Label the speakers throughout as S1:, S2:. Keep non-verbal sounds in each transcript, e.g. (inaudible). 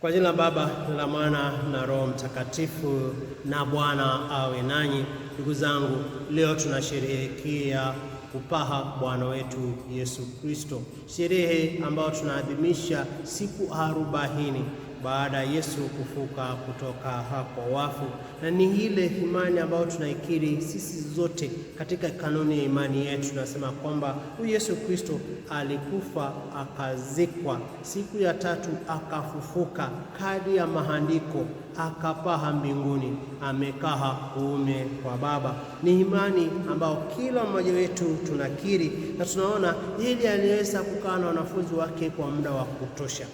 S1: Kwa jina la Baba la Mwana na Roho Mtakatifu, na Bwana awe nanyi. Ndugu zangu, leo tunasherehekea kupaha Bwana wetu Yesu Kristo, sherehe ambayo tunaadhimisha siku arobaini baada ya Yesu kufuka kutoka hapo wafu, na ni ile imani ambayo tunaikiri sisi zote katika kanuni ya imani yetu. Tunasema kwamba huyu Yesu Kristo alikufa, akazikwa, siku ya tatu akafufuka, kadi ya maandiko akapaha mbinguni, amekaa kuume kwa Baba. Ni imani ambayo kila mmoja wetu tunakiri, na tunaona ili aliweza kukaa na wanafunzi wake kwa muda wa kutosha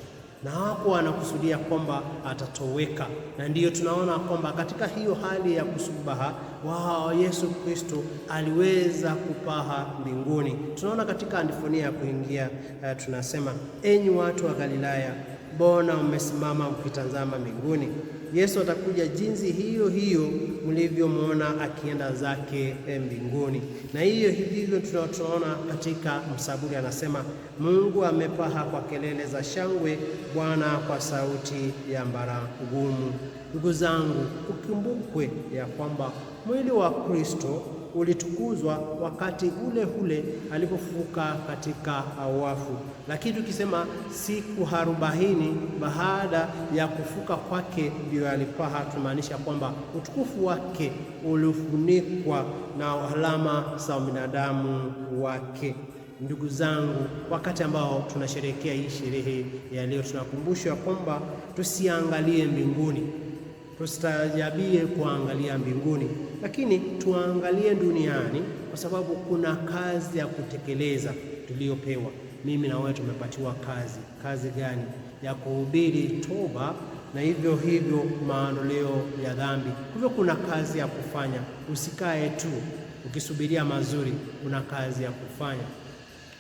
S1: na hakuwa anakusudia kwamba atatoweka, na ndiyo tunaona kwamba katika hiyo hali ya kusubaha wao Yesu Kristo aliweza kupaha mbinguni. Tunaona katika andifonia ya kuingia uh, tunasema enyi watu wa Galilaya, mbona mmesimama mkitazama mbinguni? Yesu atakuja jinsi hiyo hiyo mlivyomwona akienda zake eh, mbinguni. Na hiyo hivyo tunaona katika msaburi, anasema Mungu amepaha kwa kelele za shangwe, Bwana kwa sauti ya mbaragumu. Ndugu zangu, ukumbukwe ya kwamba mwili wa Kristo ulitukuzwa wakati ule ule alipofufuka katika wafu. Lakini tukisema siku arobaini baada ya kufuka kwake ndio alipaha, tumaanisha kwamba utukufu wake ulifunikwa na alama za binadamu wake. Ndugu zangu, wakati ambao tunasherehekea hii sherehe ya leo, tunakumbushwa kwamba tusiangalie mbinguni tustajabie kuangalia mbinguni, lakini tuangalie duniani, kwa sababu kuna kazi ya kutekeleza tuliyopewa. Mimi na wewe tumepatiwa kazi. Kazi gani? Ya kuhubiri toba na hivyo hivyo maondoleo ya dhambi. Kwa hivyo kuna kazi ya kufanya, usikae tu ukisubiria mazuri. Kuna kazi ya kufanya,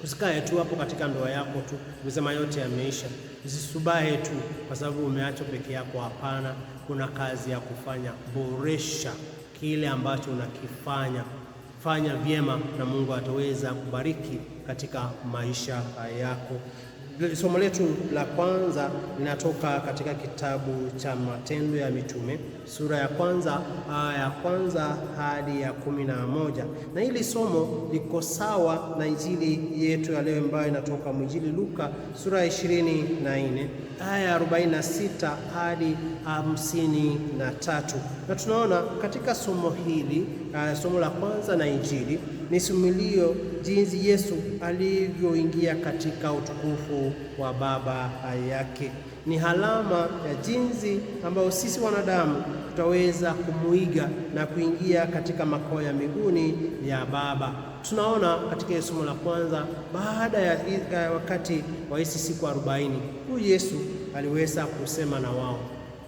S1: usikae tu hapo katika ndoa yako tu ukisema yote yameisha. usisubae tu kwa sababu umeachwa peke yako. Hapana kuna kazi ya kufanya. Boresha kile ambacho unakifanya, fanya vyema, na Mungu ataweza kubariki katika maisha yako. Somo letu la kwanza linatoka katika kitabu cha Matendo ya Mitume sura ya kwanza aya ya kwanza hadi ya kumi na moja na hili somo liko sawa na injili yetu ya leo ambayo inatoka mwinjili Luka sura ya ishirini na nne aya ya arobaini na sita hadi hamsini na tatu na tunaona katika somo hili eh, somo la kwanza na injili ni simulio jinsi Yesu alivyoingia katika utukufu wa Baba yake. Ni halama ya jinsi ambayo sisi wanadamu tutaweza kumuiga na kuingia katika makao ya mbinguni ya Baba. Tunaona katika somo la kwanza, baada ya wakati wa hizi siku arobaini, huyu Yesu aliweza kusema na wao,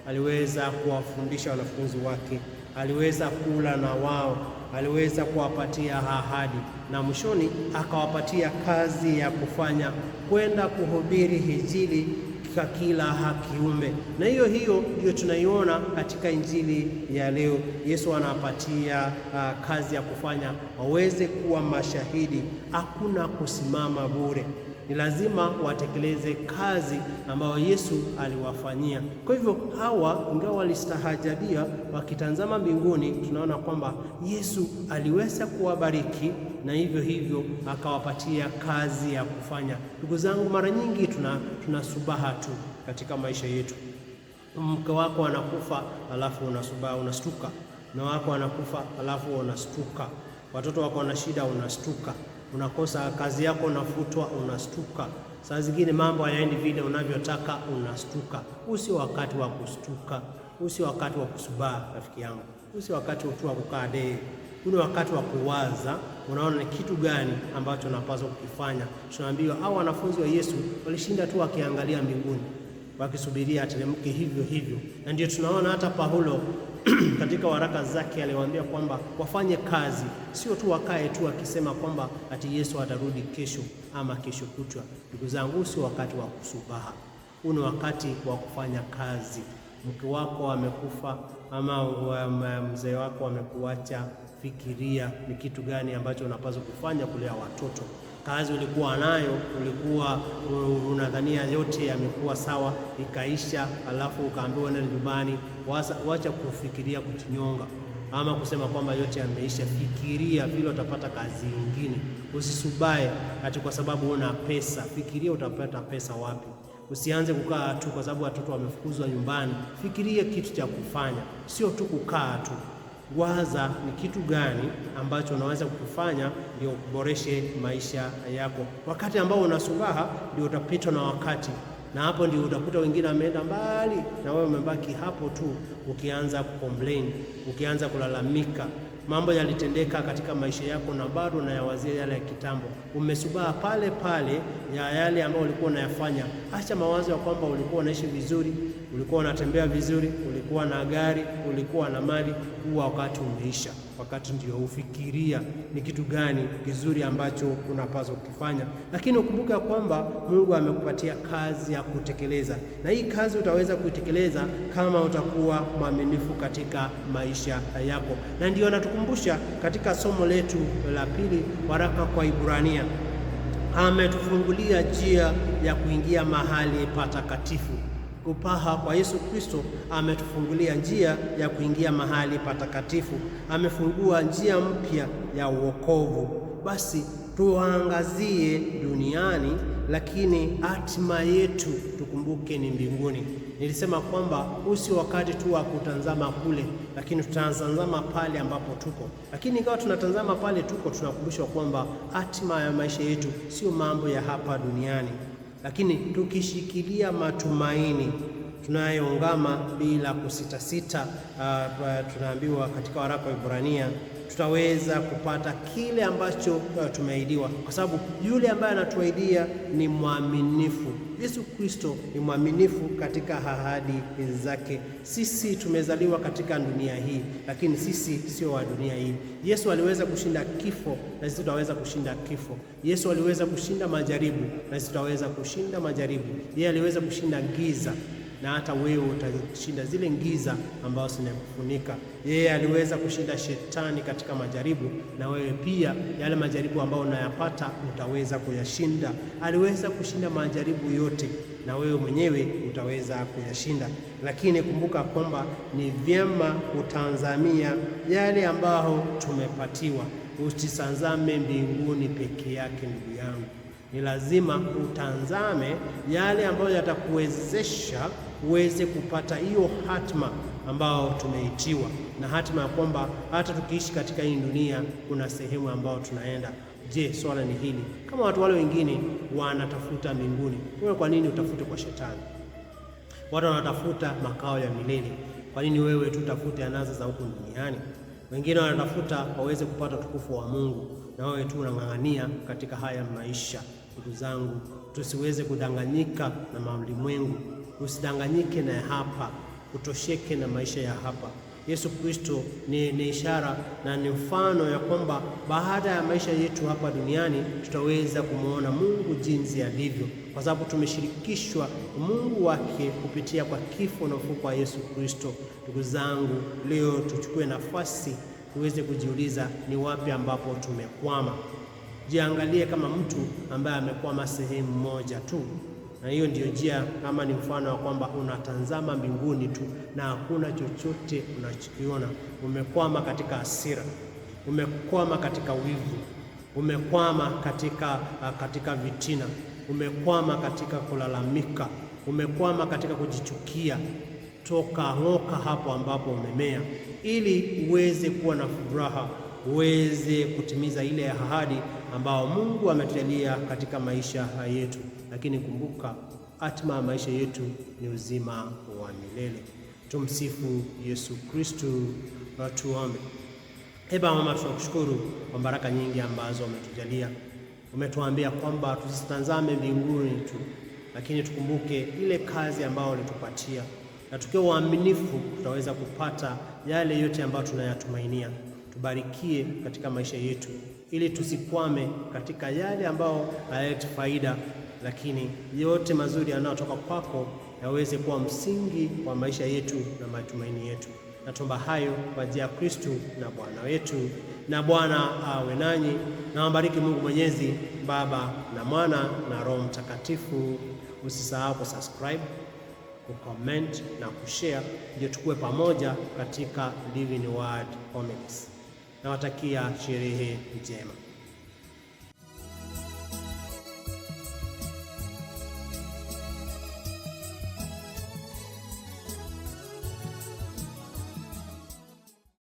S1: aliweza kuwafundisha wanafunzi wake, aliweza kula na wao aliweza kuwapatia ahadi na mwishoni akawapatia kazi ya kufanya kwenda kuhubiri Injili kwa kila hakiume. na hiyo hiyo ndiyo tunaiona katika Injili ya leo. Yesu anawapatia uh, kazi ya kufanya waweze kuwa mashahidi. Hakuna kusimama bure ni lazima watekeleze kazi ambayo Yesu aliwafanyia. Kwa hivyo hawa ingawa walistahajadia, wakitazama mbinguni, tunaona kwamba Yesu aliweza kuwabariki na hivyo hivyo akawapatia kazi ya kufanya. Ndugu zangu, mara nyingi tuna, tunasubaha tu katika maisha yetu. Mke wako anakufa alafu unasubaha, unastuka. Mume wako anakufa alafu unastuka. Watoto wako na shida, unastuka unakosa kazi yako, unafutwa, unastuka. Saa zingine mambo hayaendi vile unavyotaka, unastuka. Usi wakati wa kustuka, usi wakati wa kusubaa, rafiki yangu, usi wakati tu wa kukaa dee. Huu ni wakati wa kuwaza, unaona ni kitu gani ambacho napaswa kukifanya. Tunaambiwa au wanafunzi wa Yesu walishinda tu wakiangalia mbinguni wakisubiria ateremke hivyo hivyo, na ndio tunaona hata Paulo (clears throat) katika waraka zake aliwaambia kwamba wafanye kazi, sio tu wakae tu akisema kwamba ati Yesu atarudi kesho ama kesho kutwa. Ndugu zangu, sio wakati wa kusubaha, huu ni wakati wa kufanya kazi. Mke wako amekufa ama mzee wako amekuacha, fikiria ni kitu gani ambacho unapaswa kufanya, kulea watoto kazi ulikuwa nayo, ulikuwa unadhania yote yamekuwa sawa, ikaisha, alafu ukaambiwa nenda nyumbani. Wacha kufikiria kujinyonga ama kusema kwamba yote yameisha. Fikiria vile utapata kazi nyingine, usisubae ati kwa sababu una pesa. Fikiria utapata pesa wapi. Usianze kukaa tu kwa sababu watoto wamefukuzwa nyumbani. Fikiria kitu cha kufanya, sio tu kukaa tu waza ni kitu gani ambacho unaweza kukufanya ndio kuboreshe maisha yako. Wakati ambao una ndio utapitwa na wakati, na hapo ndio utakuta wengine wameenda mbali na wewe umebaki hapo tu, ukianza kucomplain, ukianza kulalamika mambo yalitendeka katika maisha yako na bado unayawazia yale ya kitambo. Umesubaa pale pale ya yale ambayo ulikuwa unayafanya. Acha mawazo ya kwamba ulikuwa unaishi vizuri, ulikuwa unatembea vizuri, ulikuwa na gari, ulikuwa na mali. Huwa wakati umeisha wakati ndio ufikiria ni kitu gani kizuri ambacho unapaswa kukifanya, lakini ukumbuke ya kwamba Mungu amekupatia kazi ya kutekeleza, na hii kazi utaweza kuitekeleza kama utakuwa mwaminifu katika maisha yako. Na ndio anatukumbusha katika somo letu la pili, waraka kwa Ibrania, ametufungulia njia ya kuingia mahali patakatifu. Upaha kwa Yesu Kristo ametufungulia njia ya kuingia mahali patakatifu, amefungua njia mpya ya uokovu. Basi tuangazie duniani, lakini hatima yetu tukumbuke ni mbinguni. Nilisema kwamba usi wakati tu wa kutazama kule, lakini tutatazama pale ambapo tuko. Lakini ingawa tunatazama pale tuko, tunakumbushwa kwamba hatima ya maisha yetu sio mambo ya hapa duniani lakini tukishikilia matumaini tunayoungama bila kusitasita. Uh, uh, tunaambiwa katika waraka wa Ibrania tutaweza kupata kile ambacho uh, tumeahidiwa, kwa sababu yule ambaye anatuahidia ni mwaminifu. Yesu Kristo ni mwaminifu katika ahadi zake. Sisi tumezaliwa katika dunia hii, lakini sisi sio wa dunia hii. Yesu aliweza kushinda kifo na sisi tutaweza kushinda kifo. Yesu aliweza kushinda majaribu na sisi tutaweza kushinda majaribu. Yeye aliweza kushinda giza na hata wewe utashinda zile ngiza ambazo zinakufunika. Yeye aliweza kushinda shetani katika majaribu, na wewe pia yale majaribu ambayo unayapata utaweza kuyashinda. Aliweza kushinda majaribu yote, na wewe mwenyewe utaweza kuyashinda. Lakini kumbuka kwamba ni vyema kutanzamia yale ambayo tumepatiwa, usitazame mbinguni peke yake, ndugu yangu. Ni lazima utanzame yale ambayo yatakuwezesha uweze kupata hiyo hatima ambao tumeitiwa na hatima ya kwamba hata tukiishi katika hii dunia kuna sehemu ambayo tunaenda. Je, swala ni hili, kama watu wale wengine wanatafuta mbinguni, wewe kwa nini utafute kwa shetani? Watu wanatafuta makao ya milele, kwa nini wewe tu utafute anaza za huku duniani? Wengine wanatafuta waweze kupata utukufu wa Mungu, na wewe tu unang'ang'ania katika haya maisha. Ndugu zangu, tusiweze kudanganyika na maulimwengu usidanganyike na hapa, utosheke na maisha ya hapa. Yesu Kristo ni, ni ishara na ni mfano ya kwamba baada ya maisha yetu hapa duniani tutaweza kumwona Mungu jinsi alivyo, kwa sababu tumeshirikishwa Mungu wake kupitia kwa kifo na ufufuo wa Yesu Kristo. Ndugu zangu, leo tuchukue nafasi tuweze kujiuliza ni wapi ambapo tumekwama. Jiangalie kama mtu ambaye amekwama sehemu moja tu na hiyo ndiyo njia ama ni mfano wa kwamba unatazama mbinguni tu na hakuna chochote unachokiona. Umekwama katika hasira, umekwama katika wivu, umekwama katika, ah, katika vitina, umekwama katika kulalamika, umekwama katika kujichukia. Toka ng'oka hapo ambapo umemea, ili uweze kuwa na furaha, uweze kutimiza ile ahadi ambayo Mungu ametujalia katika maisha yetu lakini kumbuka hatima ya maisha yetu ni uzima wa milele. Tumsifu Yesu Kristo. Watuame. Ee Baba, mama, tunakushukuru kwa baraka nyingi ambazo umetujalia. Umetuambia kwamba tusitazame mbinguni tu, lakini tukumbuke ile kazi ambayo ulitupatia, na tukiwa waaminifu tutaweza kupata yale yote ambayo tunayatumainia. Tubarikie katika maisha yetu, ili tusikwame katika yale ambayo hayaleti faida lakini yote mazuri yanayotoka kwako yaweze kuwa msingi wa maisha yetu na matumaini yetu. Natomba hayo kwa njia ya Kristu na Bwana wetu. Na Bwana awe nanyi, na wabariki Mungu Mwenyezi, Baba na Mwana na Roho Mtakatifu. Usisahau kusubscribe, kucomment na kushare, ndio tukue pamoja katika Living Word Homilies. Nawatakia sherehe njema.